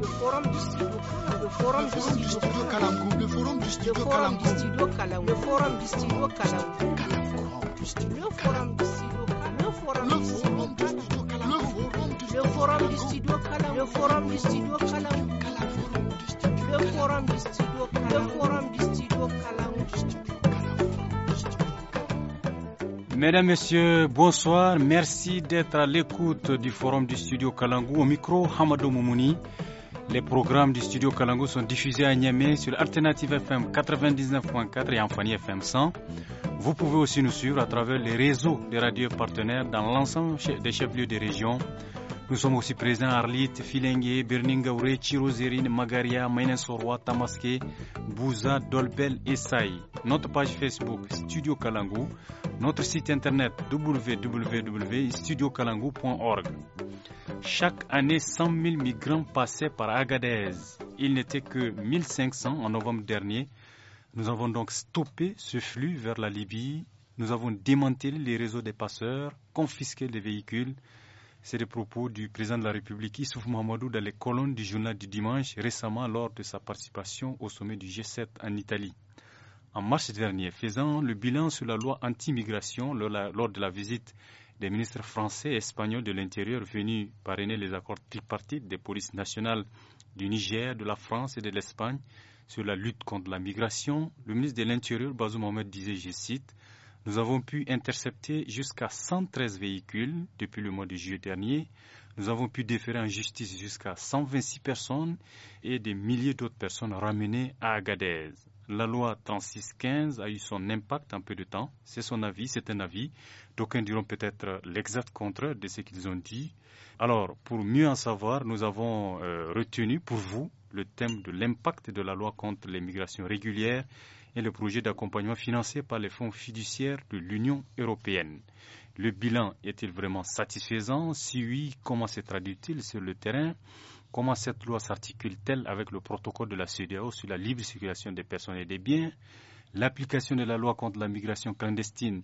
le forum du studio le du studio le forum du studio Kalangu. le forum du studio le forum du studio le forum du studio le forum du studio forum du studio le forum du studio le forum du studio Mesdames, Messieurs, bonsoir. Merci d'être à l'écoute du forum du studio Kalangou. Au micro, Hamadou Moumouni. Les programmes du studio Kalango sont diffusés à Niamey sur Alternative FM 99.4 et Amphanie FM 100. Vous pouvez aussi nous suivre à travers les réseaux des radios partenaires dans l'ensemble des chefs-lieux des régions. Nous sommes aussi présents à Arlit, Filengue, Birningaure, Chirozerine, Magaria, Mainensorwa, Tamaské, Bouza, Dolbel et Saï. Notre page Facebook Studio Kalangu, notre site internet www.studiokalangu.org. Chaque année, 100 000 migrants passaient par Agadez. Il n'était que 1500 en novembre dernier. Nous avons donc stoppé ce flux vers la Libye. Nous avons démantelé les réseaux des passeurs, confisqué les véhicules, c'est les propos du président de la République Issouf Mohamedou dans les colonnes du journal du dimanche récemment lors de sa participation au sommet du G7 en Italie. En mars dernier, faisant le bilan sur la loi anti-migration lors de la visite des ministres français et espagnols de l'Intérieur venus parrainer les accords tripartites des polices nationales du Niger, de la France et de l'Espagne sur la lutte contre la migration, le ministre de l'Intérieur, Bazou Mohamed, disait, je cite, nous avons pu intercepter jusqu'à 113 véhicules depuis le mois de juillet dernier. Nous avons pu déférer en justice jusqu'à 126 personnes et des milliers d'autres personnes ramenées à Agadez. La loi 3615 a eu son impact en peu de temps. C'est son avis, c'est un avis. D'aucuns diront peut-être l'exact contraire de ce qu'ils ont dit. Alors, pour mieux en savoir, nous avons euh, retenu pour vous le thème de l'impact de la loi contre les migrations régulières et le projet d'accompagnement financé par les fonds fiduciaires de l'Union européenne. Le bilan est-il vraiment satisfaisant Si oui, comment se traduit-il sur le terrain Comment cette loi s'articule-t-elle avec le protocole de la CEDEAO sur la libre circulation des personnes et des biens L'application de la loi contre la migration clandestine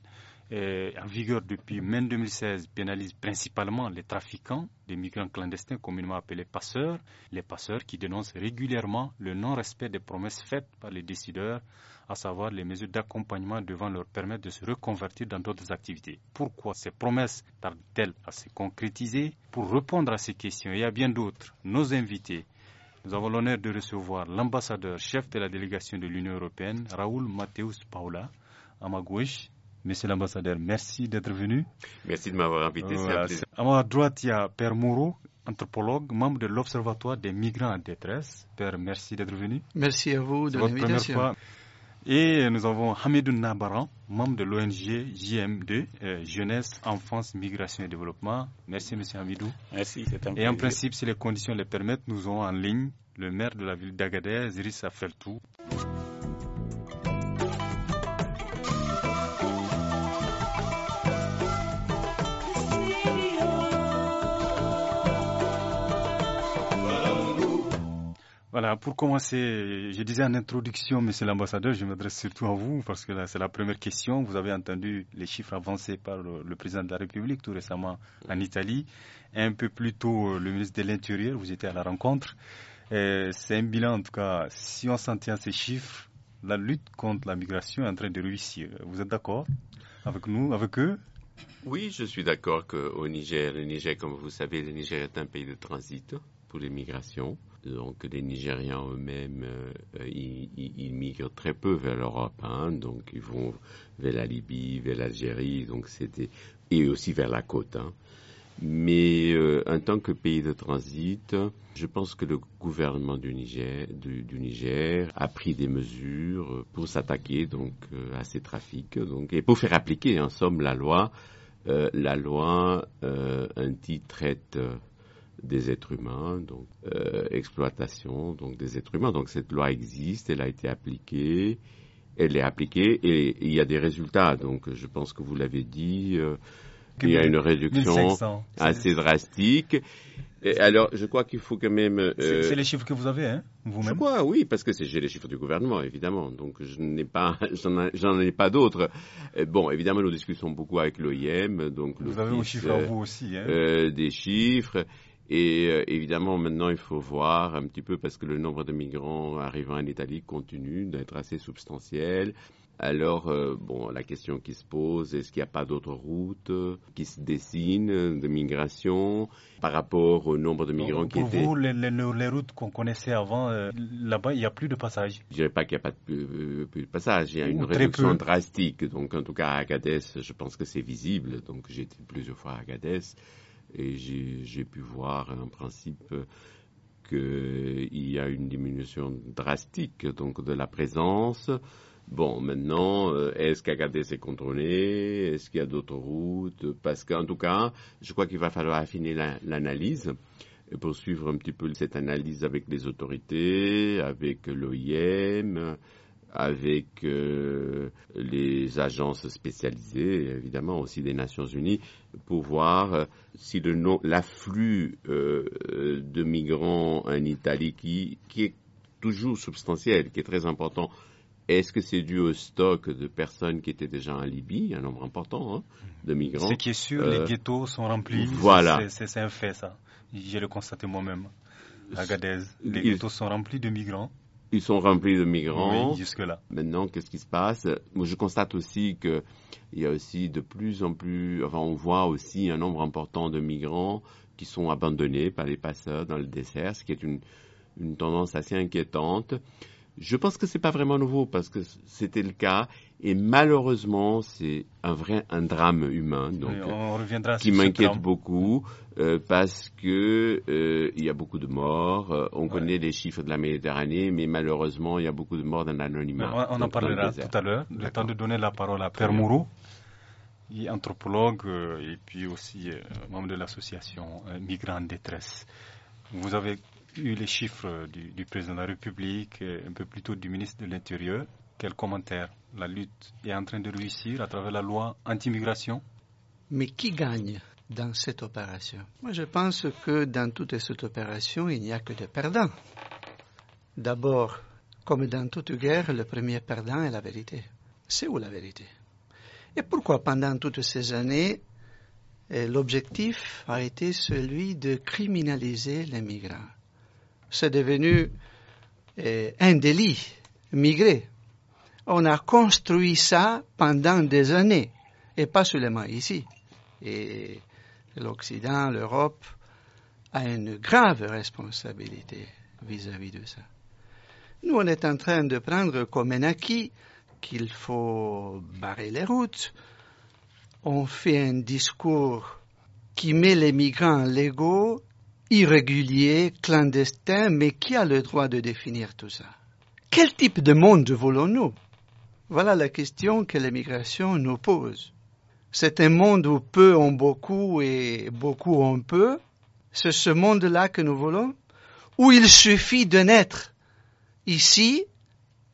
euh, en vigueur depuis mai 2016 pénalise principalement les trafiquants des migrants clandestins, communément appelés passeurs, les passeurs qui dénoncent régulièrement le non-respect des promesses faites par les décideurs, à savoir les mesures d'accompagnement devant leur permettre de se reconvertir dans d'autres activités. Pourquoi ces promesses tardent-elles à se concrétiser Pour répondre à ces questions et à bien d'autres, nos invités nous avons l'honneur de recevoir l'ambassadeur chef de la délégation de l'Union européenne, Raoul Mateus Paula, à ma gauche, Monsieur l'ambassadeur, merci d'être venu. Merci de m'avoir invité. À ma droite, il y a Père Mourou, anthropologue, membre de l'Observatoire des migrants en détresse. Père, merci d'être venu. Merci à vous de l'invitation. Et nous avons Hamidou Nabaran, membre de l'ONG JM2, euh, Jeunesse, Enfance, Migration et Développement. Merci, Monsieur Hamidou. Merci, c'est un plaisir. Et en principe, si les conditions le permettent, nous avons en ligne le maire de la ville d'Agadez, Rissa Feltou. Voilà, pour commencer, je disais en introduction, monsieur l'ambassadeur, je m'adresse surtout à vous parce que c'est la première question. Vous avez entendu les chiffres avancés par le, président de la République tout récemment en Italie. Un peu plus tôt, euh, le ministre de l'Intérieur, vous étiez à la rencontre. Euh, c'est un bilan, en tout cas, si on s'en tient à ces chiffres, la lutte contre la migration est en train de réussir. Vous êtes d'accord avec nous, avec eux Oui, je suis d'accord qu'au Niger, le Niger, comme vous savez, le Niger est un pays de transit pour les migrations donc les Nigériens eux-mêmes, euh, euh, ils, migrent très peu vers l'Europe, hein, donc ils vont vers la Libye, vers l'Algérie, donc c'était et aussi vers la côte. Hein. Mais euh, en tant que pays de transit, je pense que le gouvernement du Niger, du, Niger a pris des mesures pour s'attaquer donc à ces trafics, donc et pour faire appliquer en somme la loi. la loi anti-traite des êtres humains, donc euh, exploitation donc des êtres humains. Donc cette loi existe, elle a été appliquée, elle est appliquée et, il y a des résultats. Donc je pense que vous l'avez dit, euh, il y a une réduction assez drastique. Et alors, je crois qu'il faut quand même. Euh, c'est les chiffres que vous avez, hein, vous-même. oui, parce que j'ai les chiffres du gouvernement, évidemment. Donc, je n'ai pas, j'en ai pas d'autres. Bon, évidemment, nous discutons beaucoup avec l'OIM, donc. Vous avez vos chiffres vous aussi, hein. Euh, des chiffres. Et euh, évidemment, maintenant, il faut voir un petit peu parce que le nombre de migrants arrivant en Italie continue d'être assez substantiel. Alors, euh, bon, la question qui se pose, est-ce qu'il n'y a pas d'autres routes qui se dessinent de migration par rapport au nombre de migrants qui étaient... Pour vous, les, routes qu'on connaissait avant, euh, là-bas, il n'y a plus de passage Je ne dirais pas qu'il n'y a pas de, plus de passage, il y a une réduction drastique. Donc, en tout cas, à Agadez, je pense que c'est visible. Donc, j'ai été plusieurs fois à Agadez et j'ai pu voir en principe qu'il y a une diminution drastique donc de la présence. Bon, maintenant, euh, est-ce qu'Agadez est contrôlé Est-ce qu'il y a d'autres routes Parce qu'en tout cas, je crois qu'il va falloir affiner l'analyse et poursuivre un petit peu cette analyse avec les autorités, avec l'OIM, avec euh, les agences spécialisées, évidemment aussi des Nations Unies, pour voir euh, si l'afflux euh, de migrants en Italie, qui, est toujours substantiel, qui est très important, est-ce que c'est dû au stock de personnes qui étaient déjà en Libye, un nombre important hein, de mm. migrants Ce qui est sûr, les ghettos sont remplis. Voilà. C'est un fait, ça. J'ai le constaté moi-même. à Gadez. les ghettos sont remplis de migrants. Ils sont remplis de migrants. jusque-là. Maintenant, qu'est-ce qui se passe Moi, je constate aussi que il y a aussi de plus en plus, on voit aussi un nombre important de migrants qui sont abandonnés par les passeurs dans le dessert, ce qui est une tendance assez inquiétante. Je pense que ce n'est pas vraiment nouveau parce que c'était le cas et malheureusement c'est un vrai un drame humain donc qui m'inquiète beaucoup euh, parce que euh, il y a beaucoup de morts. Euh, on connaît les chiffres de la Méditerranée, mais malheureusement il y a beaucoup de morts dans l'anonymat. On, en parlera tout à l'heure. Le temps de donner la parole à Père Mourou, est anthropologue et puis aussi membre de l'association Migrants en détresse. Vous avez eu les chiffres du, président de la République, et un peu plus tôt du ministre de l'Intérieur. Quel commentaire La lutte est en train de réussir à travers la loi anti-migration Mais qui gagne dans cette opération Moi, je pense que dans toute cette opération, il n'y a que des perdants. D'abord, comme dans toute guerre, le premier perdant est la vérité. C'est où la vérité Et pourquoi pendant toutes ces années, eh, l'objectif a été celui de criminaliser les migrants c'est devenu eh, un délit, migrer. On a construit ça pendant des années, et pas seulement ici. Et l'Occident, l'Europe, a une grave responsabilité vis-à-vis -vis de ça. Nous, on est en train de prendre comme un acquis qu'il faut barrer les routes. On fait un discours qui met les migrants légaux irrégulier, clandestin, mais qui a le droit de définir tout ça Quel type de monde voulons-nous Voilà la question que l'immigration nous pose. C'est un monde où peu ont beaucoup et beaucoup ont peu. C'est ce monde-là que nous voulons, où il suffit de naître. Ici,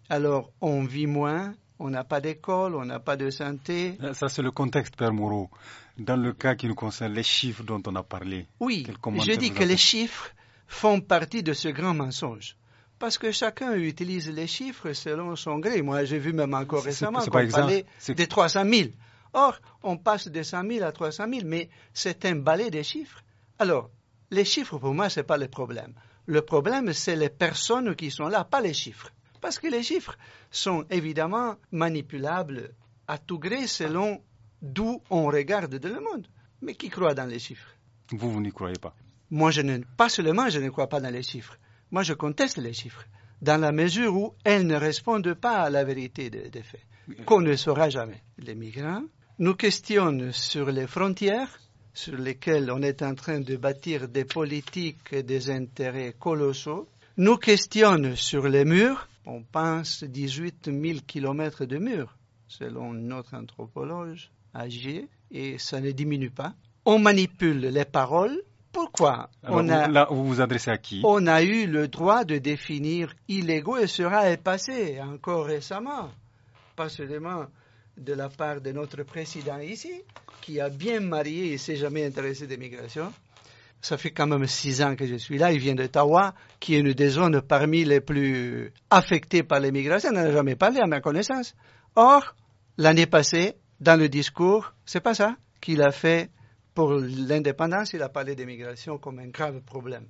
alors on vit moins, on n'a pas d'école, on n'a pas de santé. Ça, c'est le contexte, Père Moreau dans le cas qui nous concerne, les chiffres dont on a parlé. Oui, je dis que les chiffres font partie de ce grand mensonge. Parce que chacun utilise les chiffres selon son gré. Moi, j'ai vu même encore récemment qu'on parlait des 300 000. Or, on passe de 100 000 à 300 000, mais c'est un balai des chiffres. Alors, les chiffres, pour moi, ce n'est pas le problème. Le problème, c'est les personnes qui sont là, pas les chiffres. Parce que les chiffres sont évidemment manipulables à tout gré selon d'où on regarde dans le monde. Mais qui croit dans les chiffres Vous, vous n'y croyez pas. Moi, je ne, pas seulement je ne crois pas dans les chiffres. Moi, je conteste les chiffres, dans la mesure où elles ne répondent pas à la vérité des faits, qu'on ne saura jamais. Les migrants nous questionnent sur les frontières sur lesquelles on est en train de bâtir des politiques et des intérêts colossaux, nous questionnent sur les murs. On pense 18 000 kilomètres de murs, selon notre anthropologue agir, et ça ne diminue pas. On manipule les paroles. Pourquoi on a, vous vous adressez à qui On a eu le droit de définir illégaux et sera passé encore récemment, pas seulement de la part de notre président ici, qui a bien marié et s'est jamais intéressé des migrations. Ça fait quand même six ans que je suis là. Il vient d'Ottawa, qui est une des zones parmi les plus affectées par l'immigration. migrations. On n'en a jamais parlé à ma connaissance. Or, l'année passée, dans le discours, c'est pas ça qu'il a fait pour l'indépendance, il a parlé d'immigration comme un grave problème.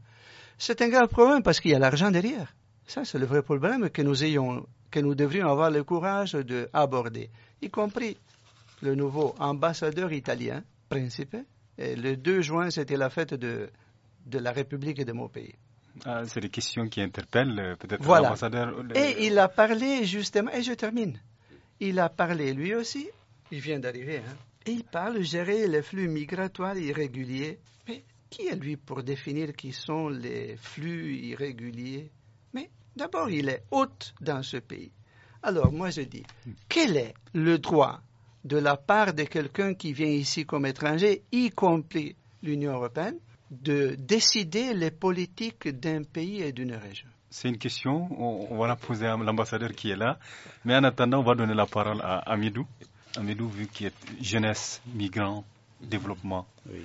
C'est un grave problème parce qu'il y a l'argent derrière. Ça, c'est le vrai problème que nous ayons, que nous devrions avoir le courage d'aborder, y compris le nouveau ambassadeur italien, Principe. Et le 2 juin, c'était la fête de, la République de mon pays. Ah, c'est les questions qui interpellent euh, peut-être l'ambassadeur. Voilà. Et il a parlé justement, et je termine, il a parlé lui aussi il vient d'arriver, hein, et il parle gérer les flux migratoires irréguliers. Mais qui est lui pour définir qui sont les flux irréguliers Mais d'abord, il est hôte dans ce pays. Alors moi je dis, quel est le droit de la part de quelqu'un qui vient ici comme étranger, y compris l'Union européenne, de décider les politiques d'un pays et d'une région c'est une question, on, va la poser à l'ambassadeur qui est là. Mais en attendant, on va donner la parole à Amidou. Amédou, vu qu'il y a jeunesse, migrants, développement, oui.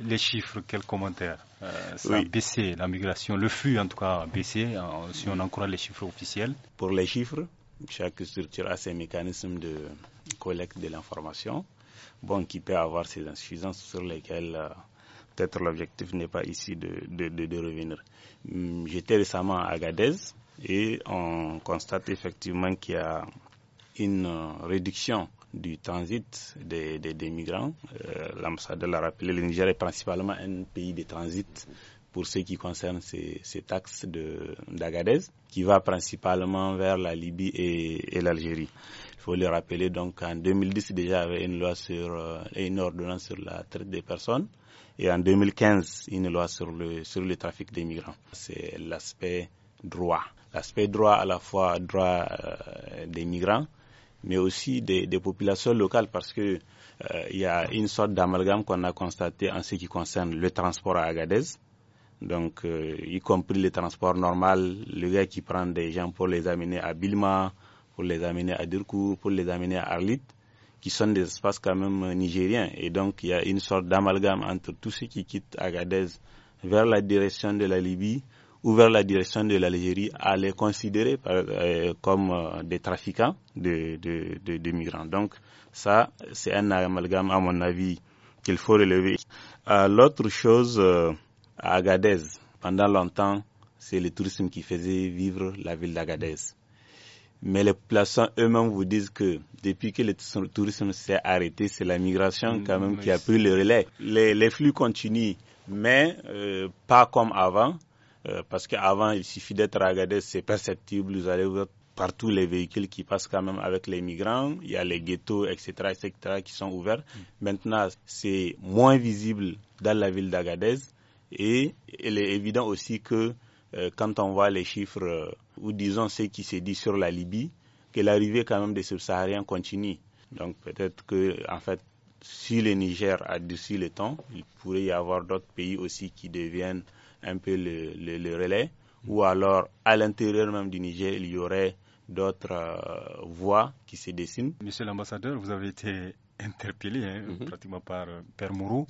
les chiffres, quel commentaire euh, Ça a baissé, la migration, le flux en tout cas a baissé, si on en croit les chiffres officiels. Pour les chiffres, chaque structure a ses mécanismes de collecte de l'information, bon, qui peut avoir ses insuffisances sur lesquelles euh, peut-être l'objectif n'est pas ici de, de revenir. Hum, j'étais récemment à Agadez et on constate effectivement qu'il y a une euh, réduction du transit des, des, des migrants. Euh, L'ambassadeur l'a rappelé, le Niger est principalement un pays de transit pour ce qui concerne ces, ces taxes d'Agadez, qui va principalement vers la Libye et, et l'Algérie. Il faut le rappeler, donc en 2010 il y avait une loi sur, euh, et une ordonnance sur la traite des personnes, et en 2015, une loi sur le, sur le trafic des migrants. C'est l'aspect droit. L'aspect droit à la fois droit euh, des migrants, mais aussi des, des populations locales parce que euh, il y a une sorte d'amalgame qu'on a constaté en ce qui concerne le transport à Agadez. Donc, euh, y compris le transport normal, le gars qui prend des gens pour les amener à Bilma, pour les amener à Durkou, pour les amener à Arlit, qui sont des espaces quand même euh, nigériens. Et donc, il y a une sorte d'amalgame entre tous ceux qui quittent Agadez vers la direction de la Libye, ouvert la direction de l'Algérie à les considérer euh, euh, comme euh, des trafiquants de, de, migrants. Donc ça, c'est un amalgame, à mon avis, qu'il faut relever. L'autre chose, Agadez, pendant longtemps, c'est le tourisme qui faisait vivre la ville d'Agadez. Mais les plaçants eux-mêmes vous disent que depuis que le tourisme s'est arrêté, c'est la migration quand mm, même qui a pris le relais. les flux continuent, mais pas comme avant. Euh, parce qu'avant, il suffit d'être à Agadez, c'est perceptible, vous allez voir partout les véhicules qui passent quand même avec les migrants, il y a les ghettos, etc., etc., qui sont ouverts. Mm. Maintenant, c'est moins visible dans la ville d'Agadez et il est évident aussi que euh, quand on voit les chiffres, euh, ou disons ce qui s'est dit sur la Libye, que l'arrivée quand même des subsahariens continue. Donc peut-être que, en fait, si le Niger a durci le temps, il pourrait y avoir d'autres pays aussi qui deviennent un peu le, relais, ou alors à l'intérieur même du Niger, il y aurait d'autres euh, voies qui se dessinent. Monsieur l'ambassadeur, vous avez été interpellé hein, mhm. pratiquement par euh, Père Mourou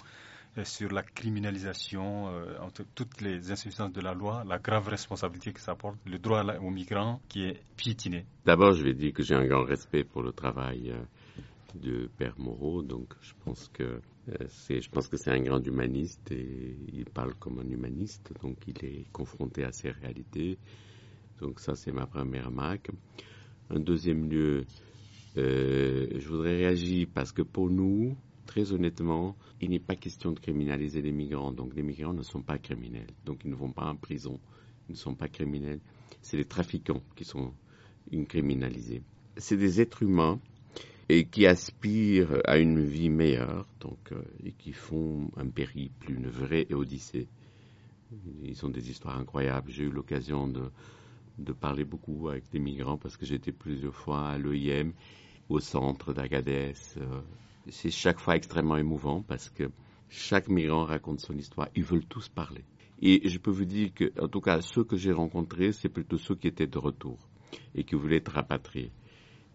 euh, sur la criminalisation entre toutes les insuffisances de la loi, la grave responsabilité que ça porte, le droit aux migrants qui est piétiné. D'abord, je vais dire que j'ai un grand respect pour le travail de Père Moreau, donc je pense que euh, je pense que c'est un grand humaniste et il parle comme un humaniste, donc il est confronté à ces réalités. Donc ça, c'est ma première remarque. un deuxième lieu, euh, je voudrais réagir parce que pour nous, très honnêtement, il n'est pas question de criminaliser les migrants. Donc les migrants ne sont pas criminels. Donc ils ne vont pas en prison. Ils ne sont pas criminels. C'est les trafiquants qui sont criminalisés. C'est des êtres humains et qui aspirent à une vie meilleure, donc, euh, et qui font un périple, une vraie odyssée. Ils ont des histoires incroyables. J'ai eu l'occasion de, de, parler beaucoup avec des migrants parce que j'étais plusieurs fois à l'EIM, au centre d'Agadez. Euh, c'est chaque fois extrêmement émouvant parce que chaque migrant raconte son histoire. Ils veulent tous parler. Et je peux vous dire que, en tout cas, ceux que j'ai rencontrés, c'est plutôt ceux qui étaient de retour et qui voulaient être rapatriés.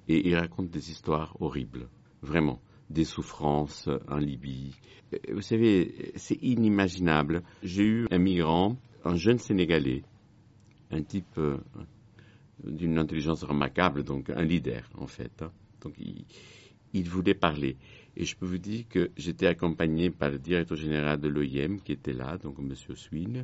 Et il raconte des histoires horribles, vraiment, des souffrances en Libye. Euh, vous savez, c'est inimaginable. J'ai eu un migrant, un jeune Sénégalais, un type euh, d'une intelligence remarquable, donc un leader en fait. Hein. Donc il, il voulait parler. Et je peux vous dire que j'étais accompagné par le directeur général de l'OIM qui était là, donc M. Swin,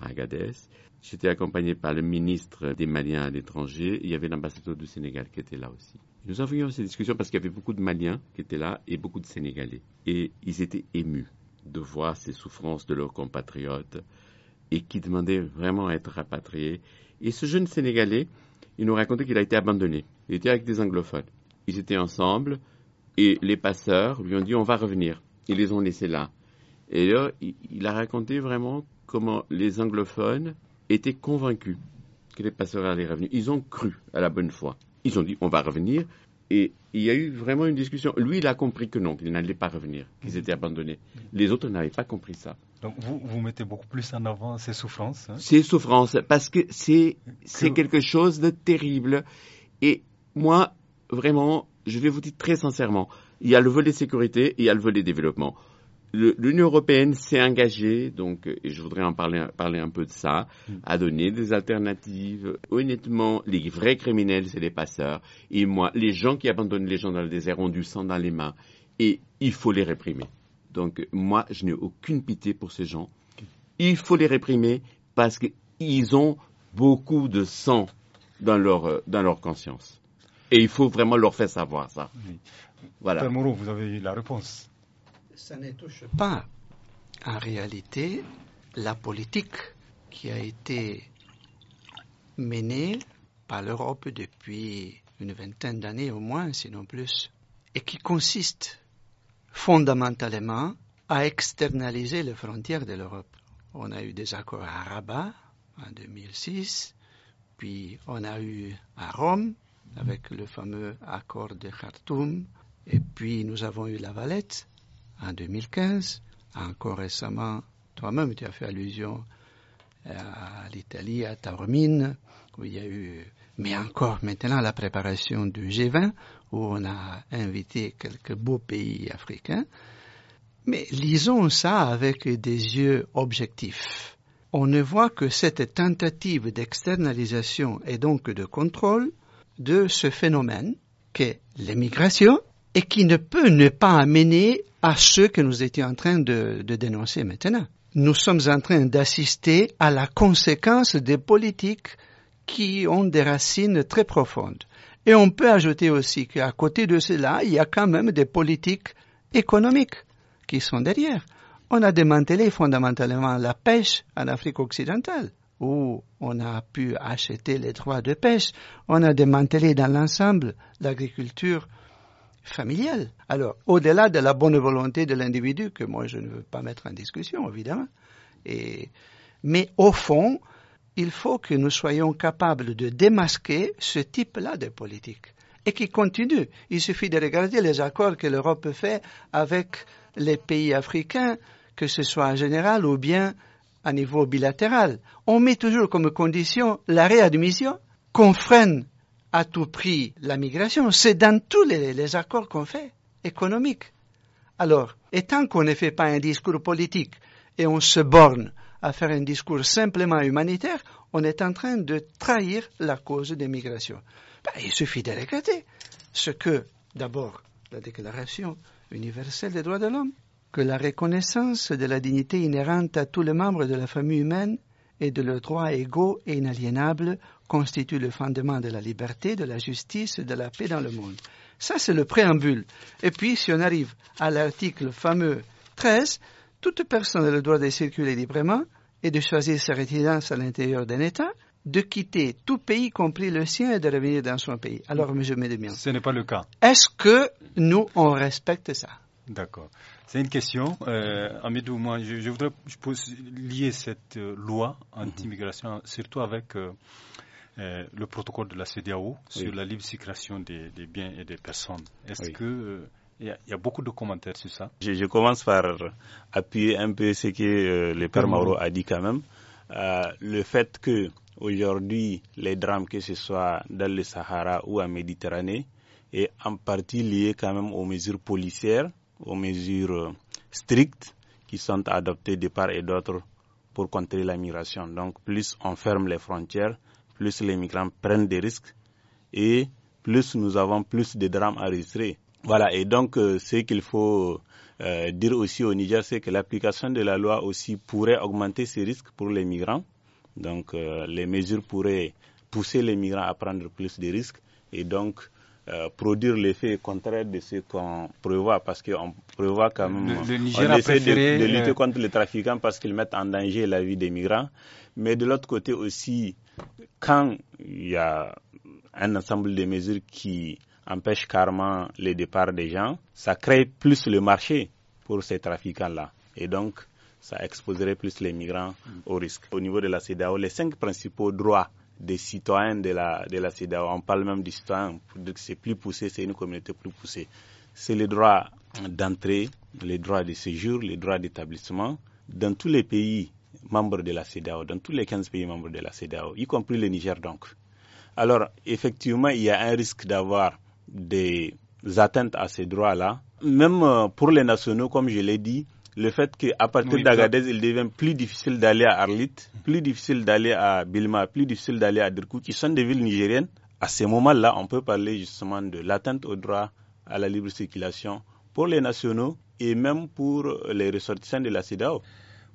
à Agadez. J'étais accompagné par le ministre des Maliens à l'étranger. Il y avait l'ambassadeur du Sénégal qui était là aussi. Nous avions ces discussions parce qu'il y avait beaucoup de Maliens qui étaient là et beaucoup de Sénégalais. Et ils étaient émus de voir ces souffrances de leurs compatriotes et qui demandaient vraiment à être rapatriés. Et ce jeune Sénégalais, il nous racontait qu'il a été abandonné. Il était avec des anglophones. Ils étaient ensemble et les passeurs lui ont dit on va revenir. Ils les ont laissés là. Et là, il a raconté vraiment comment les anglophones étaient convaincus que les passerelles allaient revenir. Ils ont cru à la bonne foi. Ils ont dit on va revenir. Et il y a eu vraiment une discussion. Lui, il a compris que non, qu'ils n'allaient pas revenir, qu'ils étaient abandonnés. Les autres n'avaient pas compris ça. Donc vous, mettez beaucoup plus en avant ces souffrances. Hein ces souffrances, parce que c'est quelque chose de terrible. Et moi, vraiment, je vais vous dire très sincèrement, il y a le volet sécurité et il y a le volet développement l'Union européenne s'est engagée, donc, et je voudrais en parler, parler un peu de ça, mm. à donner des alternatives. Honnêtement, les vrais criminels, c'est les passeurs. Et moi, les gens qui abandonnent les gens dans le désert ont du sang dans les mains. Et il faut les réprimer. Donc, moi, je n'ai aucune pitié pour ces gens. Il faut les réprimer parce qu'ils ont beaucoup de sang dans leur, dans leur conscience. Et il faut vraiment leur faire savoir ça. Voilà. vous avez la réponse ça ne touche pas en réalité la politique qui a été menée par l'Europe depuis une vingtaine d'années au moins, sinon plus, et qui consiste fondamentalement à externaliser les frontières de l'Europe. On a eu des accords à Rabat en 2006, puis on a eu à Rome avec le fameux accord de Khartoum, et puis nous avons eu la Valette, en 2015. Encore récemment, toi-même, tu as fait allusion euh, à l'Italie, à Taormine, où il y a eu, mais encore maintenant, la préparation du G20, où on a invité quelques beaux pays africains. Mais lisons ça avec des yeux objectifs. On ne voit que cette tentative d'externalisation et donc de contrôle de ce phénomène qu'est l'émigration et qui ne peut ne pas amener à ce que nous étions en train de, de dénoncer maintenant. Nous sommes en train d'assister à la conséquence des politiques qui ont des racines très profondes. Et on peut ajouter aussi qu'à côté de cela, il y a quand même des politiques économiques qui sont derrière. On a démantelé fondamentalement la pêche en Afrique occidentale, où on a pu acheter les droits de pêche. On a démantelé dans l'ensemble l'agriculture familiale. Alors, au-delà de la bonne volonté de l'individu, que moi je ne veux pas mettre en discussion, évidemment, et, mais au fond, il faut que nous soyons capables de démasquer ce type-là de politique et qui continue. Il suffit de regarder les accords que l'Europe fait avec les pays africains, que ce soit en général ou bien à niveau bilatéral. On met toujours comme condition la réadmission, qu'on freine à tout prix la migration. C'est dans tous les, accords qu'on fait, économiques. Alors, et tant qu'on ne fait pas un discours politique et on se borne à faire un discours simplement humanitaire, on est en train de trahir la cause des migrations. Ben, il suffit de regretter ce que, d'abord, la Déclaration universelle des droits de l'homme, que la reconnaissance de la dignité inhérente à tous les membres de la famille humaine et de leurs droits égaux et inaliénables constitue le fondement de la liberté, de la justice et de la paix dans le monde. Ça, c'est le préambule. Et puis, si on arrive à l'article fameux 13, toute personne a le droit de circuler librement et de choisir sa résidence à l'intérieur d'un État, de quitter tout pays, y compris le sien, et de revenir dans son pays. Alors, de Médemian. Ce n'est pas le cas. Est-ce que nous, on respecte ça D'accord. C'est une question. Euh, Amidou, moi, je, voudrais je lier cette euh, loi mm-hmm. anti-immigration surtout avec euh, euh, le protocole de la CDAO sur la libre circulation des, biens et des personnes. Est-ce que euh, il y, a beaucoup de commentaires sur ça. Je, je, commence par appuyer un peu ce que euh, le père Mauro a dit quand même. le fait que aujourd'hui les drames, que ce soit dans le Sahara ou en Méditerranée, est en partie lié quand même aux mesures policières, aux mesures strictes qui sont adoptées de part et d'autre pour contrer la migration. Donc plus on ferme les frontières, plus les migrants prennent des risques et plus nous avons plus de drames enregistrés. Voilà, et donc euh, ce qu'il faut euh, dire aussi au Niger, c'est que l'application de la loi aussi pourrait augmenter ces risques pour les migrants. Donc euh, les mesures pourraient pousser les migrants à prendre plus de risques et donc produire l'effet contraire de ce qu'on prévoit, parce qu'on prévoit quand même. de, lutter contre les trafiquants parce qu'ils mettent en danger la vie des migrants. Mais de l'autre côté aussi, quand il y a un ensemble de mesures qui empêchent carrément les départs des gens, ça crée plus le marché pour ces trafiquants-là. Et donc, ça exposerait plus les migrants au risque. Au niveau de la CEDAO, les cinq principaux droits des citoyens de la, de la CEDAO, on parle même du citoyen, c'est plus poussé, c'est une communauté plus poussée. C'est le droit d'entrée, les droits de séjour, les droits d'établissement. Dans tous les pays membres de la CEDAO, dans tous les 15 pays membres de la CEDAO, y compris le Niger donc. Alors, effectivement, il y a un risque d'avoir des atteintes à ces droits-là. Même euh, pour les nationaux, comme je l'ai dit, le fait qu'à partir d'Agadez, il devient plus difficile d'aller à Arlit, plus difficile d'aller à Bilma, plus difficile d'aller à Dirkou, qui sont des villes nigériennes. À ce moment-là, on peut parler justement de l'atteinte aux droits à la libre circulation pour les nationaux et même pour les ressortissants de la CEDAO.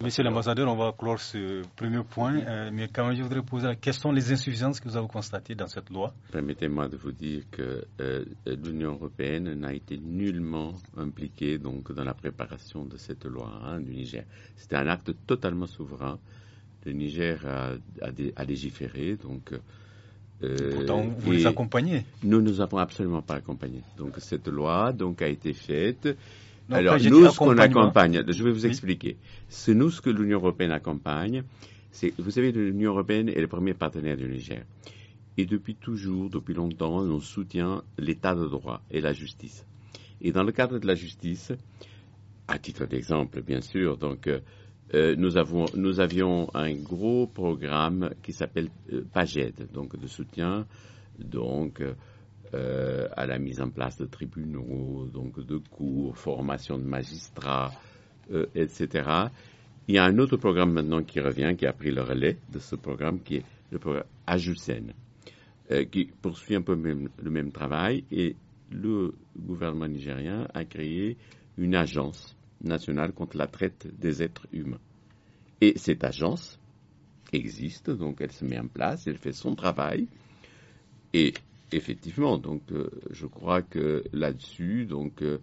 Monsieur l'ambassadeur, on va clore ce premier point, euh, mais quand même, je voudrais poser quelles sont les insuffisances que vous avez constatées dans cette loi Permettez-moi de vous dire que euh, l'Union européenne n'a été nullement impliquée donc, dans la préparation de cette loi hein, du Niger. C'était un acte totalement souverain. Le Niger a, a, légiféré, donc. Euh, Pourtant, vous les accompagnez Nous ne nous avons absolument pas accompagné. Donc, cette loi donc, a été faite alors, nous, ce qu'on accompagne, je vais vous expliquer. C'est nous ce que l'Union européenne accompagne. C'est, vous savez, l'Union européenne est le premier partenaire du Niger. Et depuis toujours, depuis longtemps, on soutient l'état de droit et la justice. Et dans le cadre de la justice, à titre d'exemple, bien sûr, donc, euh, euh, nous, avons, nous avions un gros programme qui s'appelle euh, PAGED, donc de soutien, donc, euh, euh, à la mise en place de tribunaux, donc de cours, formation de magistrats, euh, etc. Il y a un autre programme maintenant qui revient, qui a pris le relais de ce programme, qui est le programme Ajusen, euh, qui poursuit un peu même, le même travail. Et le gouvernement nigérien a créé une agence nationale contre la traite des êtres humains. Et cette agence existe, donc elle se met en place, elle fait son travail. Et Effectivement, donc euh, je crois que là-dessus, donc euh,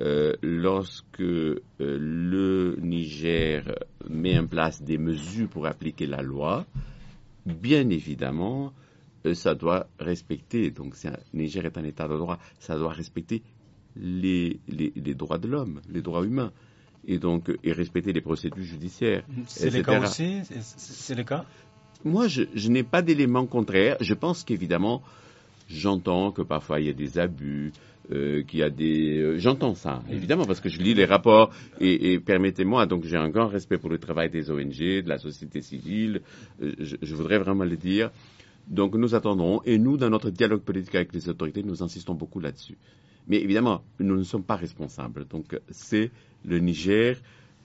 euh, lorsque le Niger met en place des mesures pour appliquer la loi, bien évidemment, ça doit respecter, donc un, Niger est un état de droit, ça doit respecter les, les, droits de l'homme, les droits humains, et donc et respecter les procédures judiciaires. C'est le cas aussi C'est le cas Moi, je, je n'ai pas d'éléments contraires. Je pense qu'évidemment, J'entends que parfois il y a des abus, euh, qu'il y a des... Euh, j'entends ça, évidemment, parce que je lis les rapports et, et permettez-moi, donc j'ai un grand respect pour le travail des ONG, de la société civile, euh, je, je, voudrais vraiment le dire. Donc nous attendons, et nous, dans notre dialogue politique avec les autorités, nous insistons beaucoup là-dessus. Mais évidemment, nous ne sommes pas responsables. Donc c'est le Niger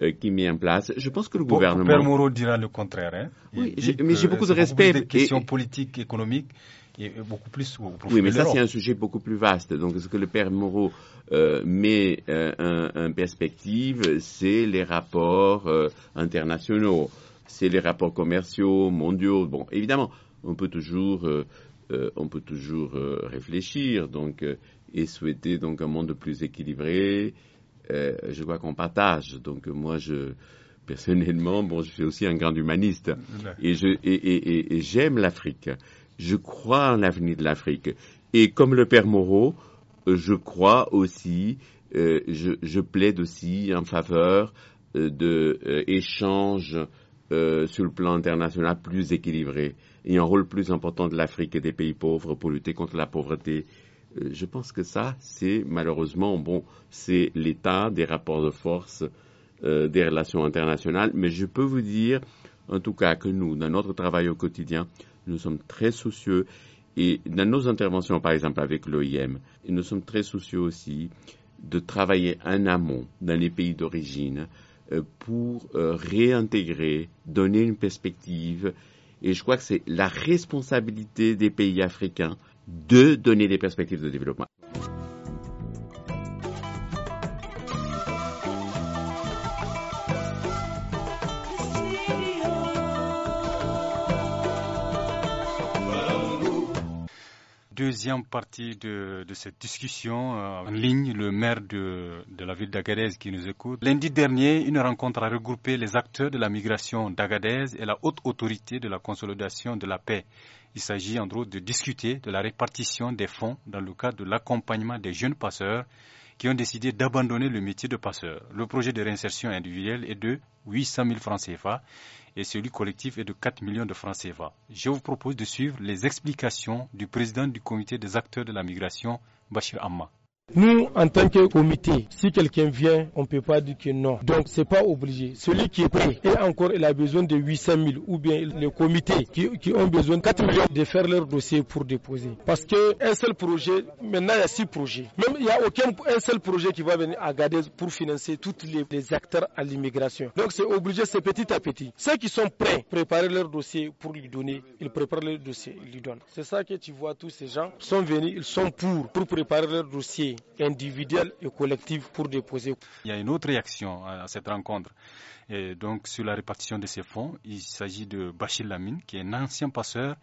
euh, qui met en place. Je pense que le gouvernement. Père Moreau dira le contraire. Hein. Oui, mais j'ai beaucoup de respect. Beaucoup des questions et... politiques, économiques beaucoup plus. oui, mais ça, c'est un sujet beaucoup plus vaste. Donc, ce que le père Moreau euh, met euh, en perspective, c'est les rapports euh, internationaux, c'est les rapports commerciaux, mondiaux. Bon, évidemment, on peut toujours, euh, on peut toujours réfléchir donc, et souhaiter donc, un monde plus équilibré. je crois qu'on partage. Donc, moi, je personnellement, bon, je suis aussi un grand humaniste et j'aime et, et, l'Afrique je crois en l'avenir de l'Afrique. Et comme le père Moreau, je crois aussi, euh, je, je, plaide aussi en faveur euh, de euh, sur le plan international plus équilibrés et un rôle plus important de l'Afrique et des pays pauvres pour lutter contre la pauvreté. je pense que ça, c'est malheureusement, bon, c'est l'état des rapports de force des relations internationales, mais je peux vous dire, en tout cas, que nous, dans notre travail au quotidien, nous sommes très soucieux et dans nos interventions, par exemple avec l'OIM, nous sommes très soucieux aussi de travailler en amont dans les pays d'origine euh, pour euh, réintégrer, donner une perspective. Et je crois que c'est la responsabilité des pays africains de donner des perspectives de développement. deuxième partie de, cette discussion euh, en ligne, le maire de, de la ville d'Agadez qui nous écoute. Lundi dernier, une rencontre a regroupé les acteurs de la migration d'Agadez et la haute autorité de la consolidation de la paix. Il s'agit en autres de discuter de la répartition des fonds dans le cadre de l'accompagnement des jeunes passeurs qui ont décidé d'abandonner le métier de passeur. Le projet de réinsertion individuelle est de 800 000 francs CFA et celui collectif est de 4 millions de francs CFA. Je vous propose de suivre les explications du président du comité des acteurs de la migration, Bachir Amma. Nous, en tant que comité, si quelqu'un vient, on ne peut pas dire que non. Donc, c'est pas obligé. Celui qui est prêt, et encore, il a besoin de 800 000, ou bien les comité qui, qui ont besoin de 4 millions de faire leur dossier pour déposer. Parce que un seul projet, maintenant, il y a 6 projets. Même, il n'y a aucun, un seul projet qui va venir à Gadez pour financer tous les, acteurs à l'immigration. Donc, c'est obligé, c'est petit à petit. Ceux qui sont prêts, préparer leur dossier pour lui donner, ils préparent leur dossier, ils lui donnent. C'est ça que tu vois, tous ces gens sont venus, ils sont pour, pour préparer leur dossier et collective pour déposer. Il y a une autre réaction à cette rencontre. donc, sur la répartition de ces fonds, il s'agit de Bachir Lamine, qui est un ancien passeur.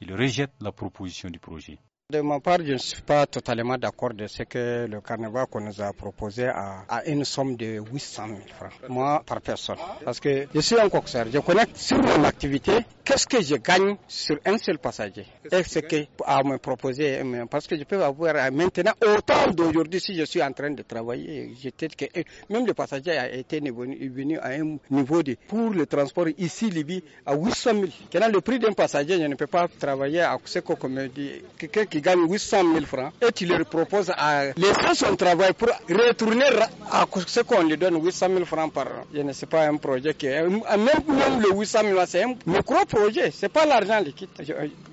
Il rejette la proposition du projet. De ma part, je ne suis pas totalement d'accord de ce que le carnaval qu'on nous a proposé à, une somme de 800 000 francs, moi par personne. Parce que je suis un coxeur, je connais sur mon activité qu'est-ce que je gagne sur un seul passager. Et ce que à me proposer, parce que je peux avoir maintenant autant d'aujourd'hui si je suis en train de travailler, que même le passager a été venu à un niveau de pour le transport ici Libye à 800 000. Quand le prix d'un passager, je ne peux pas travailler à ce que me dit. Quelqu'un qui gagne 800 000 francs et tu leur proposes à laisser son travail pour retourner à ce qu'on lui donne 800 000 francs par an. Je ne sais pas un projet qui même, le 800 000 c'est un micro projet, c'est pas l'argent liquide.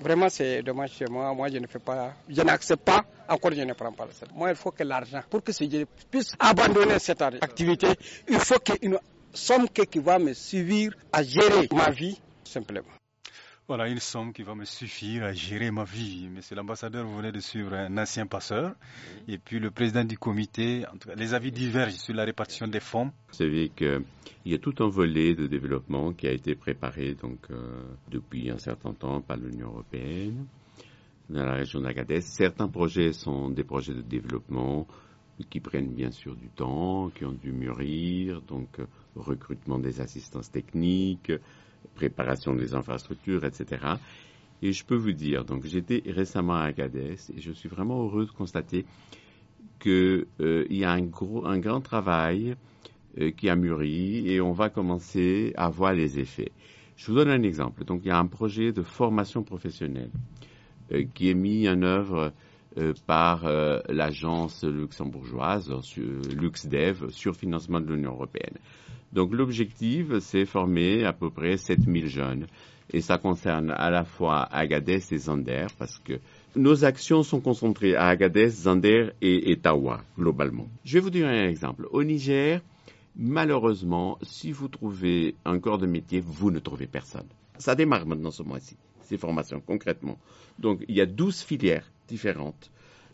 vraiment c'est dommage chez moi, moi je ne fais pas, je n'accepte pas, encore je ne prends pas le salaire. Moi il faut que l'argent, pour que je puisse abandonner cette activité, il faut qu'une somme qui va me suivre à gérer ma vie simplement. Voilà une somme qui va me suffire à gérer ma vie. Monsieur l'ambassadeur, vous venez de suivre un ancien passeur et puis le président du comité. En tout cas, les avis divergent sur la répartition des fonds. Vous savez qu'il y a tout un volet de développement qui a été préparé donc, euh, depuis un certain temps par l'Union européenne dans la région d'Agadez. Certains projets sont des projets de développement qui prennent bien sûr du temps, qui ont dû mûrir, donc recrutement des assistances techniques, préparation des infrastructures, etc. Et je peux vous dire, donc j'étais récemment à Agadez et je suis vraiment heureux de constater qu'il euh, y a un, grand travail euh, qui a mûri et on va commencer à voir les effets. Je vous donne un exemple. Donc il y a un projet de formation professionnelle euh, qui est mis en œuvre par l'agence luxembourgeoise LuxDev sur financement de l'Union européenne. Donc l'objectif, c'est former à peu près 7000 jeunes. Et ça concerne à la fois Agadez et Zander, parce que nos actions sont concentrées à Agadez, Zander et, Etawa globalement. Je vais vous donner un exemple. Au Niger, malheureusement, si vous trouvez un corps de métier, vous ne trouvez personne. Ça démarre maintenant ce mois-ci, ces formations, concrètement. Donc, il y a 12 filières différentes,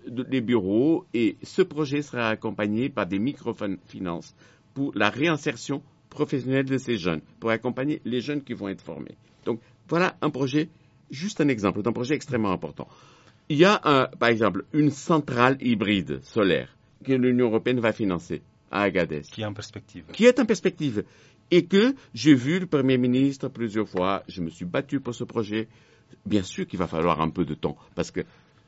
les bureaux, et ce projet sera accompagné par des microfinances pour la réinsertion professionnelle de ces jeunes, pour accompagner les jeunes qui vont être formés. Donc voilà un projet, juste un exemple d'un projet extrêmement important. Il y a, par exemple, une centrale hybride solaire que l'Union européenne va financer à Agadez. Qui est en perspective. Qui est en perspective. Et que j'ai vu le Premier ministre plusieurs fois, je me suis battu pour ce projet. Bien sûr qu'il va falloir un peu de temps, parce que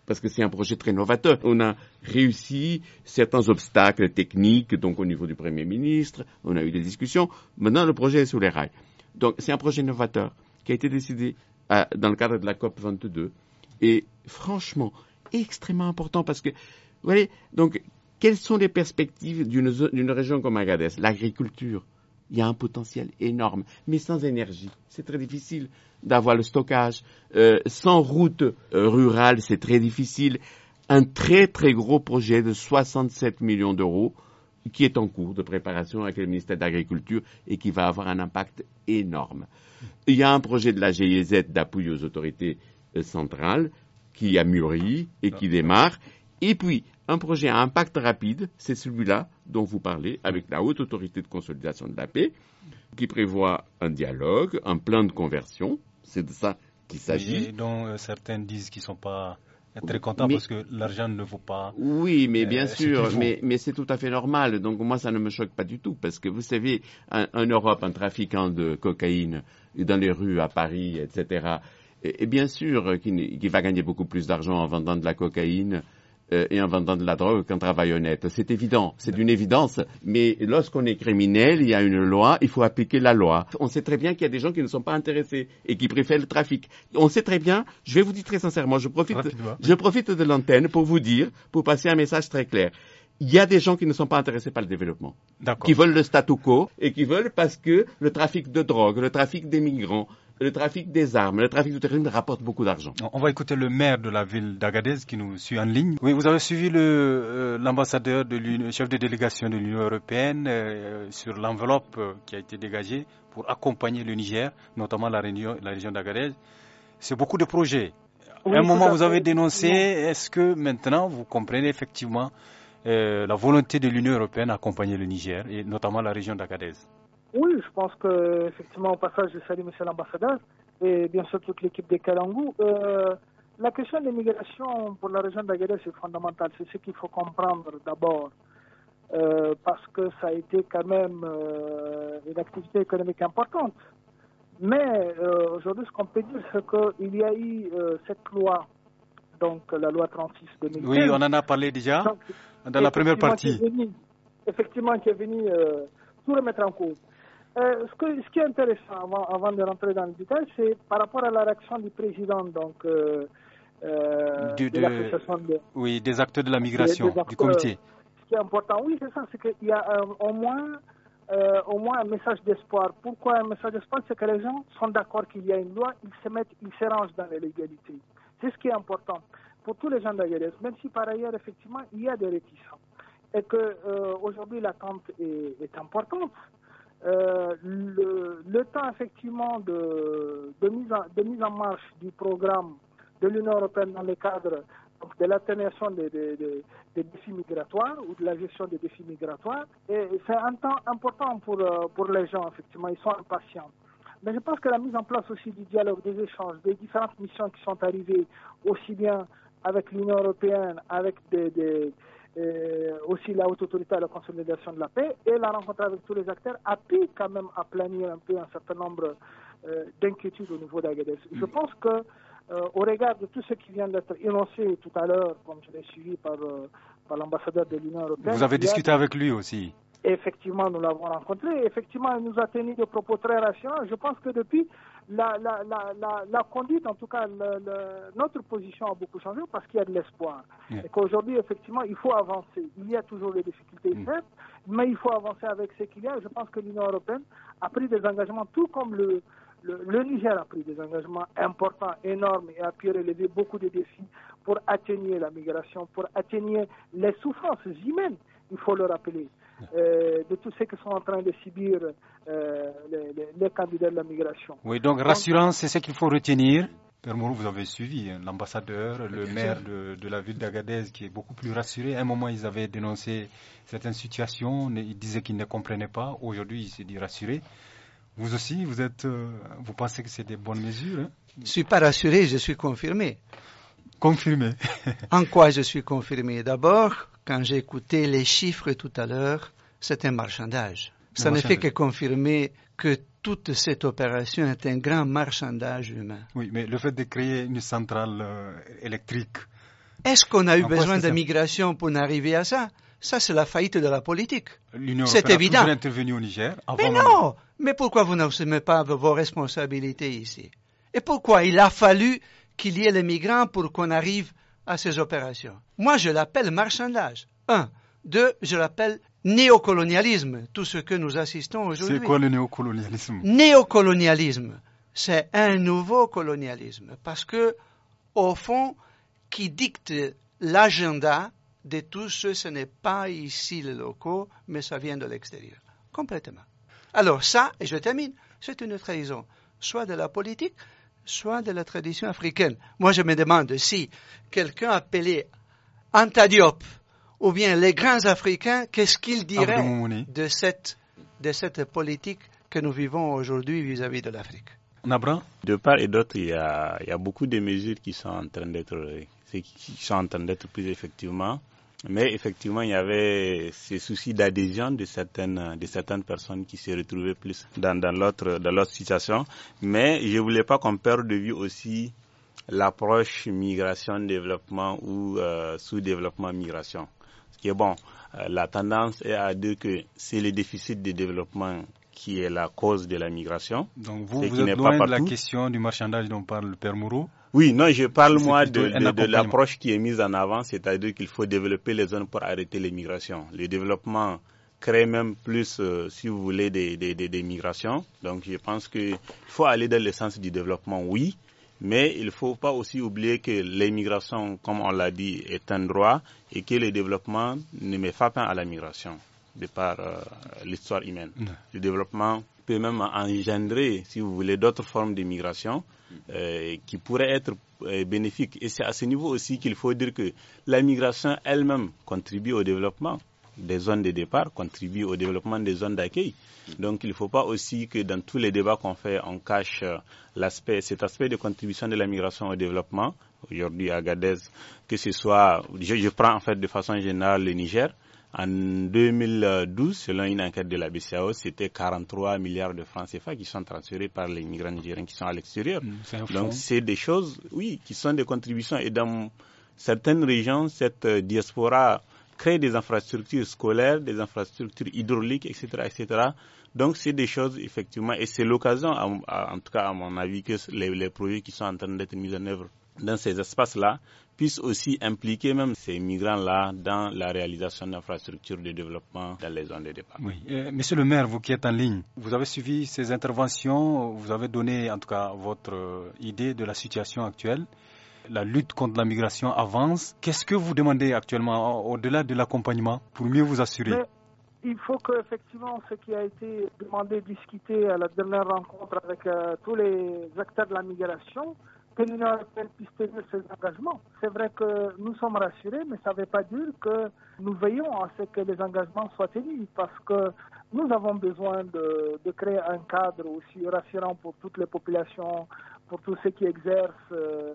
parce que c'est un projet très novateur. On a réussi certains obstacles techniques, donc au niveau du Premier ministre, on a eu des discussions. Maintenant, le projet est sous les rails. Donc, c'est un projet novateur qui a été décidé dans le cadre de la COP 22 et franchement extrêmement important parce que, vous voyez, donc, quelles sont les perspectives d'une région comme Agadez L'agriculture, il y a un potentiel énorme. Mais sans énergie, c'est très difficile d'avoir le stockage. Euh, sans route euh, rurale, c'est très difficile. Un très très gros projet de 67 millions d'euros qui est en cours de préparation avec le ministère de l'Agriculture et qui va avoir un impact énorme. Il y a un projet de la GIZ d'appui aux autorités euh, centrales qui a mûri et qui ah, démarre et puis, un projet à impact rapide, c'est celui-là dont vous parlez avec la haute autorité de consolidation de la paix, qui prévoit un dialogue, un plan de conversion. C'est de ça qu'il s'agit. dont euh, certains disent qu'ils ne sont pas très contents parce que l'argent ne vaut pas. Oui, mais bien euh, sûr, mais, c'est tout à fait normal. Donc moi, ça ne me choque pas du tout parce que vous savez, en, Europe, un trafiquant de cocaïne dans les rues à Paris, etc., et, bien sûr qu'il va gagner beaucoup plus d'argent en vendant de la cocaïne euh, et en vendant de la drogue qu'un travail honnête. C'est évident, c'est d'une évidence. Mais lorsqu'on est criminel, il y a une loi, il faut appliquer la loi. On sait très bien qu'il y a des gens qui ne sont pas intéressés et qui préfèrent le trafic. On sait très bien, je vais vous dire très sincèrement, je profite, je profite de l'antenne pour vous dire, pour passer un message très clair il y a des gens qui ne sont pas intéressés par le développement, qui veulent le statu quo et qui veulent parce que le trafic de drogue, le trafic des migrants, le trafic des armes, le trafic du terrain rapporte beaucoup d'argent. On va écouter le maire de la ville d'Agadez qui nous suit en ligne. Oui, vous avez suivi euh, l'ambassadeur, le chef de délégation de l'Union européenne euh, sur l'enveloppe euh, qui a été dégagée pour accompagner le Niger, notamment la, la région d'Agadez. C'est beaucoup de projets. un moment, vous avez dénoncé. Est-ce que maintenant, vous comprenez effectivement la volonté de l'Union européenne d'accompagner le Niger, et notamment la région d'Agadez oui, je pense que effectivement au passage, je salue Monsieur l'ambassadeur et bien sûr toute l'équipe des Kalangou. Euh, la question de l'immigration pour la région d'Agadez c'est fondamental. C'est ce qu'il faut comprendre d'abord. Euh, parce que ça a été quand même euh, une activité économique importante. Mais aujourd'hui, ce qu'on peut dire, c'est qu'il y a eu cette loi, donc la loi 36 de 2015. Oui, on en a parlé déjà dans la première partie. effectivement, qui est venue tout remettre en cause. Euh, ce, qui est intéressant, avant, de rentrer dans le détail, c'est par rapport à la réaction du président donc, euh, euh, de, oui, des acteurs de la migration, du comité. Ce qui est important, oui, c'est ça, c'est qu'il y a au, moins, au moins un message d'espoir. Pourquoi un message d'espoir C'est que les gens sont d'accord qu'il y a une loi, ils se mettent, ils se rangent dans l'égalité. C'est ce qui est important pour tous les gens d'Algérie, même si par ailleurs, effectivement, il y a des réticences. Et qu'aujourd'hui, l'attente est importante. Euh, le, temps effectivement de, de, mise en, de mise en marche du programme de l'Union européenne dans le cadre de l'atténuation des, des, défis migratoires ou de la gestion des défis migratoires. Et c'est un temps important pour, euh, pour les gens, effectivement, ils sont impatients. Mais je pense que la mise en place aussi du dialogue, des échanges, des différentes missions qui sont arrivées, aussi bien avec l'Union européenne, avec des, euh, aussi la haute autorité à la consolidation de la paix et la rencontre avec tous les acteurs a pu quand même aplanir un peu un certain nombre euh, d'inquiétudes au niveau d'Agadez. Je mm. pense que euh, au regard de tout ce qui vient d'être énoncé tout à l'heure, comme je l'ai suivi par, par l'ambassadeur de l'Union européenne. Vous avez discuté avec lui aussi. Effectivement, nous l'avons rencontré. Effectivement, il nous a tenu des propos très rassurants. Je pense que depuis, la, la, la, la, conduite, en tout cas, notre position a beaucoup changé parce qu'il y a de l'espoir. Et qu'aujourd'hui, effectivement, il faut avancer. Il y a toujours des difficultés, mm. mais il faut avancer avec ce qu'il y a. Je pense que l'Union européenne a pris des engagements, tout comme le, Niger a pris des engagements importants, énormes et a pu relever beaucoup de défis pour atténuer la migration, pour atténuer les souffrances humaines, il faut le rappeler. Euh, de tous ceux qui sont en train de subir euh, les, candidats de la migration. Oui, donc rassurant, c'est ce qu'il faut retenir. Père vous avez suivi hein, l'ambassadeur, le maire de, la ville d'Agadez qui est beaucoup plus rassuré. À un moment, ils avaient dénoncé certaines situations, ils disaient qu'ils ne comprenaient pas. Aujourd'hui, ils se disent rassurés. Vous aussi, vous, êtes, euh, vous pensez que c'est des bonnes mesures hein? Je ne suis pas rassuré, je suis confirmé. Confirmé. en quoi je suis confirmé D'abord, quand j'ai écouté les chiffres tout à l'heure, c'est un marchandage. Ça ne fait que confirmer que toute cette opération est un grand marchandage humain. Oui, mais le fait de créer une centrale euh, électrique. Est-ce qu'on a eu besoin de migration pour en arriver à ça Ça, c'est la faillite de la politique. C'est évident. intervenu au Niger. mais non Mais pourquoi vous n'assumez pas vos responsabilités ici Et pourquoi il a fallu qu'il y ait les migrants pour qu'on arrive à ces opérations. Moi, je l'appelle marchandage. Un. Deux, je l'appelle néocolonialisme, tout ce que nous assistons aujourd'hui. C'est quoi le néocolonialisme Néocolonialisme, c'est un nouveau colonialisme, parce que, au fond, qui dicte l'agenda de tous ceux, ce n'est pas ici les locaux, mais ça vient de l'extérieur, complètement. Alors ça, et je termine, c'est une trahison, soit de la politique, soit de la tradition africaine. Moi, je me demande si quelqu'un appelé Antadiope ou bien les grands Africains, qu'est-ce qu'ils diraient de cette, de cette politique que nous vivons aujourd'hui vis-à-vis de l'Afrique De part et d'autre, il, il y, a, beaucoup de mesures qui sont en train d'être, qui sont en train d'être prises effectivement. Mais effectivement, il y avait ces soucis d'adhésion de certaines, de certaines personnes qui se retrouvaient plus dans, dans l'autre, dans l'autre situation. Mais je voulais pas qu'on perde de vue aussi l'approche migration-développement ou euh, sous-développement-migration. Ce qui est bon, euh, la tendance est à dire que c'est le déficit de développement qui est la cause de la migration. Donc vous, vous êtes loin de la question du marchandage dont parle le Père Moreau oui, non, je parle moi de, l'approche qui est mise en avant, c'est-à-dire qu'il faut développer les zones pour arrêter les migrations. Le développement crée même plus, euh, si vous voulez, des, migrations. Donc je pense qu'il faut aller dans le sens du développement, oui, mais il ne faut pas aussi oublier que l'immigration, comme on l'a dit, est un droit et que le développement ne met pas fin à la migration de par euh, l'histoire humaine. Le développement peut même engendrer, si vous voulez, d'autres formes de migration euh, qui pourrait être euh, bénéfiques. Et c'est à ce niveau aussi qu'il faut dire que la migration elle-même contribue au développement des zones de départ, contribue au développement des zones d'accueil. Donc il ne faut pas aussi que dans tous les débats qu'on fait, on cache euh, l'aspect, cet aspect de contribution de la migration au développement, aujourd'hui à Gadez, que ce soit, je, je prends en fait de façon générale le Niger, en 2012, selon une enquête de la BCAO, c'était 43 milliards de francs CFA qui sont transférés par les migrants nigériens qui sont à l'extérieur. Mm, Donc c'est des choses, oui, qui sont des contributions. Et dans certaines régions, cette diaspora crée des infrastructures scolaires, des infrastructures hydrauliques, etc., etc. Donc c'est des choses effectivement, et c'est l'occasion, en tout cas à mon avis, que les, les projets qui sont en train d'être mis en œuvre dans ces espaces-là puissent aussi impliquer même ces migrants-là dans la réalisation d'infrastructures de développement dans les zones de départ. Oui. Euh, monsieur le maire, vous qui êtes en ligne, vous avez suivi ces interventions, vous avez donné en tout cas votre euh, idée de la situation actuelle. La lutte contre la migration avance. Qu'est-ce que vous demandez actuellement au-delà de l'accompagnement pour mieux vous assurer il faut qu'effectivement, ce qui a été demandé, discuté à la dernière rencontre avec euh, tous les acteurs de la migration, que l'Union européenne puisse tenir ses engagements. C'est vrai que nous sommes rassurés, mais ça ne veut pas dire que nous veillons à ce que les engagements soient tenus, parce que nous avons besoin de, créer un cadre aussi rassurant pour toutes les populations, pour tous ceux qui exercent euh,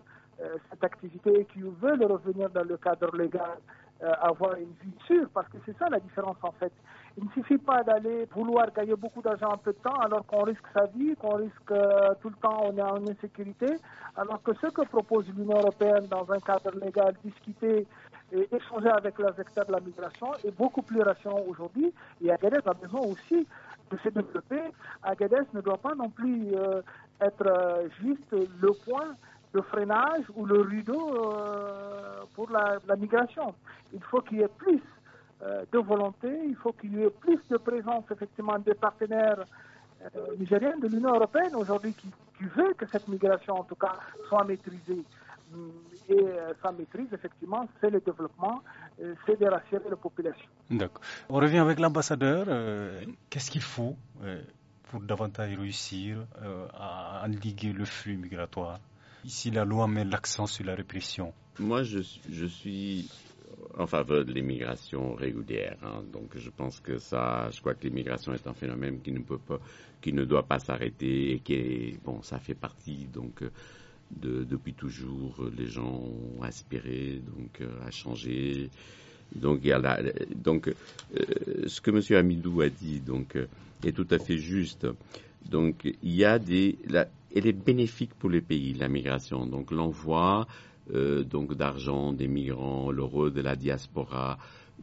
cette activité et qui veulent revenir dans le cadre légal. Euh, avoir une vie sûre, parce que c'est ça la différence en fait. Il ne suffit pas d'aller vouloir gagner beaucoup d'argent en peu de temps, alors qu'on risque sa vie, qu'on risque euh, tout le temps, on est en insécurité, alors que ce que propose l'Union européenne dans un cadre légal discuté et échanger avec les secteur de la migration est beaucoup plus rationnel aujourd'hui. Et Agadez a besoin aussi de se développer. Agadez ne doit pas non plus euh, être juste le point le freinage ou le rideau euh, pour la, migration. Il faut qu'il y ait plus euh, de volonté, il faut qu'il y ait plus de présence effectivement des partenaires euh, nigériens de l'Union européenne aujourd'hui qui, qui veut que cette migration en tout cas soit maîtrisée. Et sa maîtrise, effectivement, c'est le développement, c'est de rassurer la population. D'accord. On revient avec l'ambassadeur. Qu'est-ce qu'il faut pour davantage réussir à endiguer le flux migratoire Ici, la loi met l'accent sur la répression. Moi, je, suis en faveur de l'immigration régulière. Hein. Donc, je pense que ça, je crois que l'immigration est un phénomène qui ne peut pas, qui ne doit pas s'arrêter et qui est, bon, ça fait partie. Donc, depuis toujours, les gens ont aspiré donc à changer. Donc, il donc euh, ce que M. Amidou a dit donc est tout à fait juste. Donc, il y a des elle est bénéfique pour les pays, la migration. Donc l'envoi euh, donc d'argent des migrants, l'euro de la diaspora,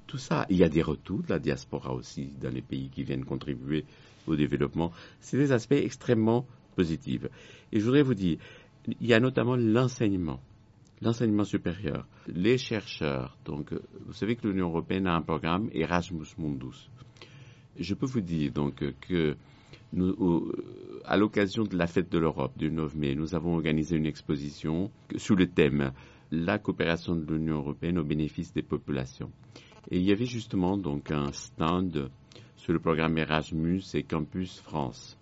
tout ça. Il y a des retours de la diaspora aussi dans les pays qui viennent contribuer au développement. C'est des aspects extrêmement positifs. Et je voudrais vous dire, il y a notamment l'enseignement, l'enseignement supérieur, les chercheurs. Donc, vous savez que l'Union européenne a un programme Erasmus Mundus. Je peux vous dire donc que euh, à l'occasion de la fête de l'Europe du 9 mai, nous avons organisé une exposition sous le thème La coopération de l'Union européenne au bénéfice des populations. Et il y avait justement donc un stand sur le programme Erasmus et Campus France.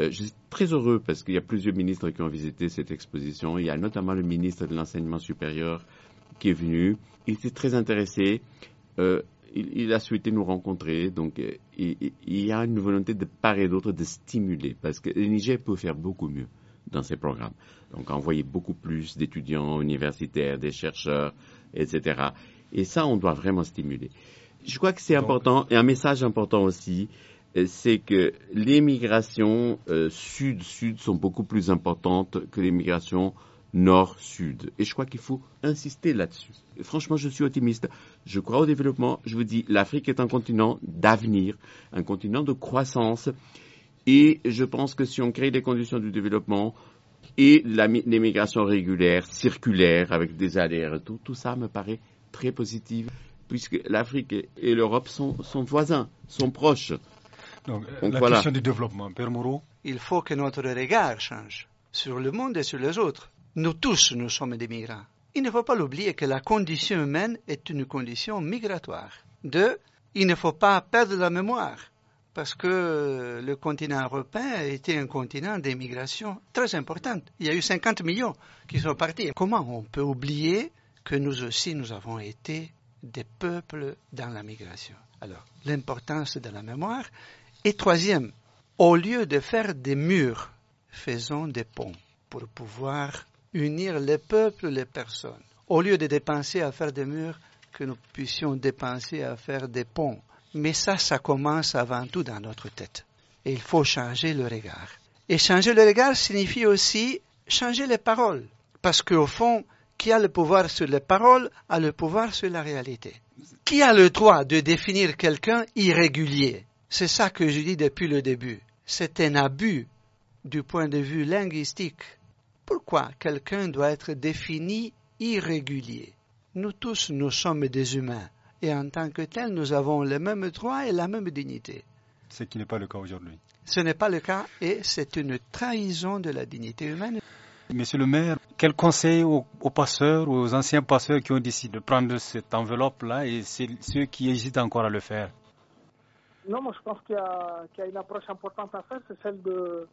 Euh, je suis très heureux parce qu'il y a plusieurs ministres qui ont visité cette exposition. Il y a notamment le ministre de l'enseignement supérieur qui est venu. Il s'est très intéressé. Euh, il, il, a souhaité nous rencontrer. Donc, euh, il, y a une volonté de part et d'autre de stimuler, parce que le Niger peut faire beaucoup mieux dans ses programmes. Donc, envoyer beaucoup plus d'étudiants universitaires, des chercheurs, etc. Et ça, on doit vraiment stimuler. Je crois que c'est important, et un message important aussi, euh, c'est que les migrations euh, sud-sud sont beaucoup plus importantes que les migrations nord-sud. Et je crois qu'il faut insister là-dessus. Franchement, je suis optimiste. Je crois au développement. Je vous dis, l'Afrique est un continent d'avenir, un continent de croissance. Et je pense que si on crée des conditions du développement et l'immigration régulière, circulaire, avec des allers et tout ça me paraît très positif, puisque l'Afrique et l'Europe sont, voisins, sont proches. Donc, euh, la voilà. du développement, Père Il faut que notre regard change sur le monde et sur les autres. Nous tous, nous sommes des migrants. Il ne faut pas l'oublier que la condition humaine est une condition migratoire. Deux, il ne faut pas perdre la mémoire, parce que le continent européen était un continent d'émigration très importante. Il y a eu 50 millions qui sont partis. Comment on peut oublier que nous aussi, nous avons été des peuples dans la migration Alors, l'importance de la mémoire. Et troisième, au lieu de faire des murs, faisons des ponts pour pouvoir unir les peuples, les personnes, au lieu de dépenser à faire des murs, que nous puissions dépenser à faire des ponts. Mais ça, ça commence avant tout dans notre tête. Et il faut changer le regard. Et changer le regard signifie aussi changer les paroles. Parce qu'au fond, qui a le pouvoir sur les paroles a le pouvoir sur la réalité. Qui a le droit de définir quelqu'un irrégulier C'est ça que je dis depuis le début. C'est un abus du point de vue linguistique pourquoi quelqu'un doit être défini irrégulier Nous tous, nous sommes des humains, et en tant que tels, nous avons les mêmes droits et la même dignité. Ce qui n'est pas le cas aujourd'hui. Ce n'est pas le cas, et c'est une trahison de la dignité humaine. Monsieur le maire, quel conseil aux, passeurs ou aux anciens passeurs qui ont décidé de prendre cette enveloppe-là et ceux qui hésitent encore à le faire Non, moi je pense qu'il y, a une approche importante à faire, c'est celle de,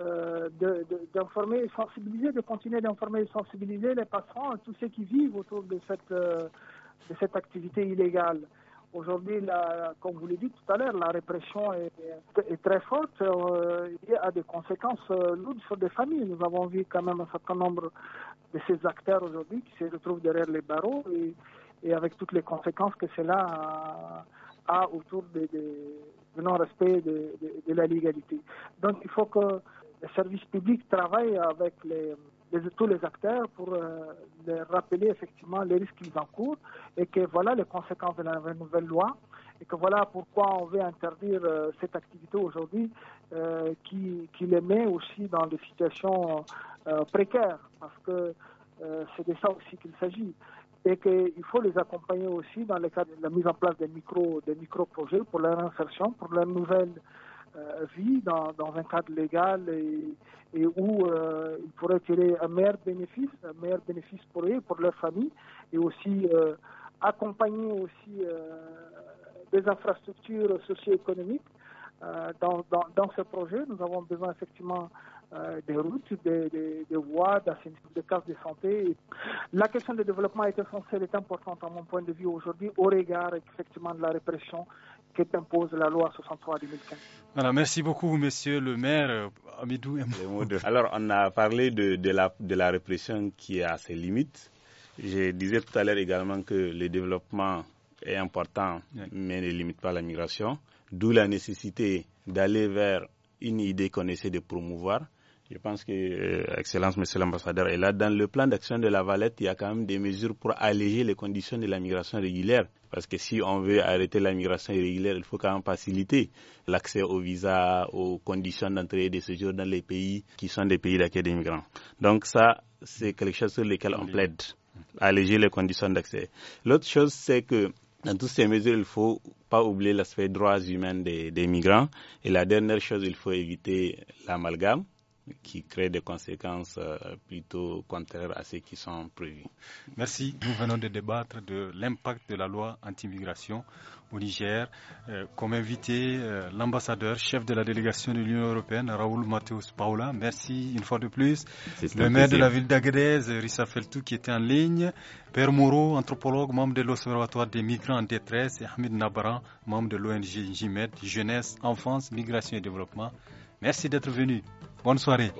euh, d'informer et sensibiliser, de continuer d'informer et sensibiliser les passants, tous ceux qui vivent autour de cette, euh, de cette activité illégale. Aujourd'hui, comme vous l'avez dit tout à l'heure, la répression est, très forte euh, Il et a des conséquences lourdes sur des familles. Nous avons vu quand même un certain nombre de ces acteurs aujourd'hui qui se retrouvent derrière les barreaux et, avec toutes les conséquences que cela a, autour du de non-respect de, la légalité. Donc il faut que les services publics travaillent avec les, tous les acteurs pour euh, rappeler effectivement les risques qu'ils encourent et que voilà les conséquences de la nouvelle loi et que voilà pourquoi on veut interdire euh, cette activité aujourd'hui euh, qui, les met aussi dans des situations précaires parce que c'est de ça aussi qu'il s'agit et qu'il faut les accompagner aussi dans le cadre de la mise en place des micro des micro projets pour leur insertion pour leur nouvelle euh, vie dans, dans, un cadre légal et, et où euh, ils pourraient tirer un meilleur bénéfice, un meilleur bénéfice pour eux, pour leur famille, et aussi euh, accompagner aussi euh, des infrastructures socio-économiques dans, dans, ce projet. Nous avons besoin effectivement des routes, des, des, des voies, des cases de santé. La question du développement est essentielle, est importante à mon point de vue aujourd'hui au regard effectivement de la répression que t'impose la loi 63-2015. merci beaucoup, monsieur le maire euh, Amidou Alors, on a parlé de, de, la, répression qui a ses limites. Je disais tout à l'heure également que le développement est important, mais ne limite pas la migration. D'où la nécessité d'aller vers une idée qu'on essaie de promouvoir, je pense que, euh, Excellence, Monsieur l'Ambassadeur est là. Dans le plan d'action de la Valette, il y a quand même des mesures pour alléger les conditions de la migration régulière. Parce que si on veut arrêter la migration irrégulière, il faut quand même faciliter l'accès aux visas, aux conditions d'entrée et de séjour dans les pays qui sont des pays d'accueil des migrants. Donc ça, c'est quelque chose sur lequel on plaide. Alléger les conditions d'accès. L'autre chose, c'est que dans toutes ces mesures, il faut pas oublier l'aspect droits humains des migrants. Et la dernière chose, il faut éviter l'amalgame qui créent des conséquences euh, plutôt contraires à ce qui sont prévues. Merci. Nous venons de débattre de l'impact de la loi anti-migration au Niger. Euh, comme invité, euh, l'ambassadeur, chef de la délégation de l'Union européenne, Raoul Mateus Paula. Merci une fois de plus. Le maire de la ville d'Agadez, Rissa Feltou, qui était en ligne. Père Moreau, anthropologue, membre de l'Observatoire des migrants en détresse. Et Ahmed Nabaran, membre de l'ONG JIMED, Jeunesse, Enfance, Migration et Développement. Merci d'être venu. Bonne soirée.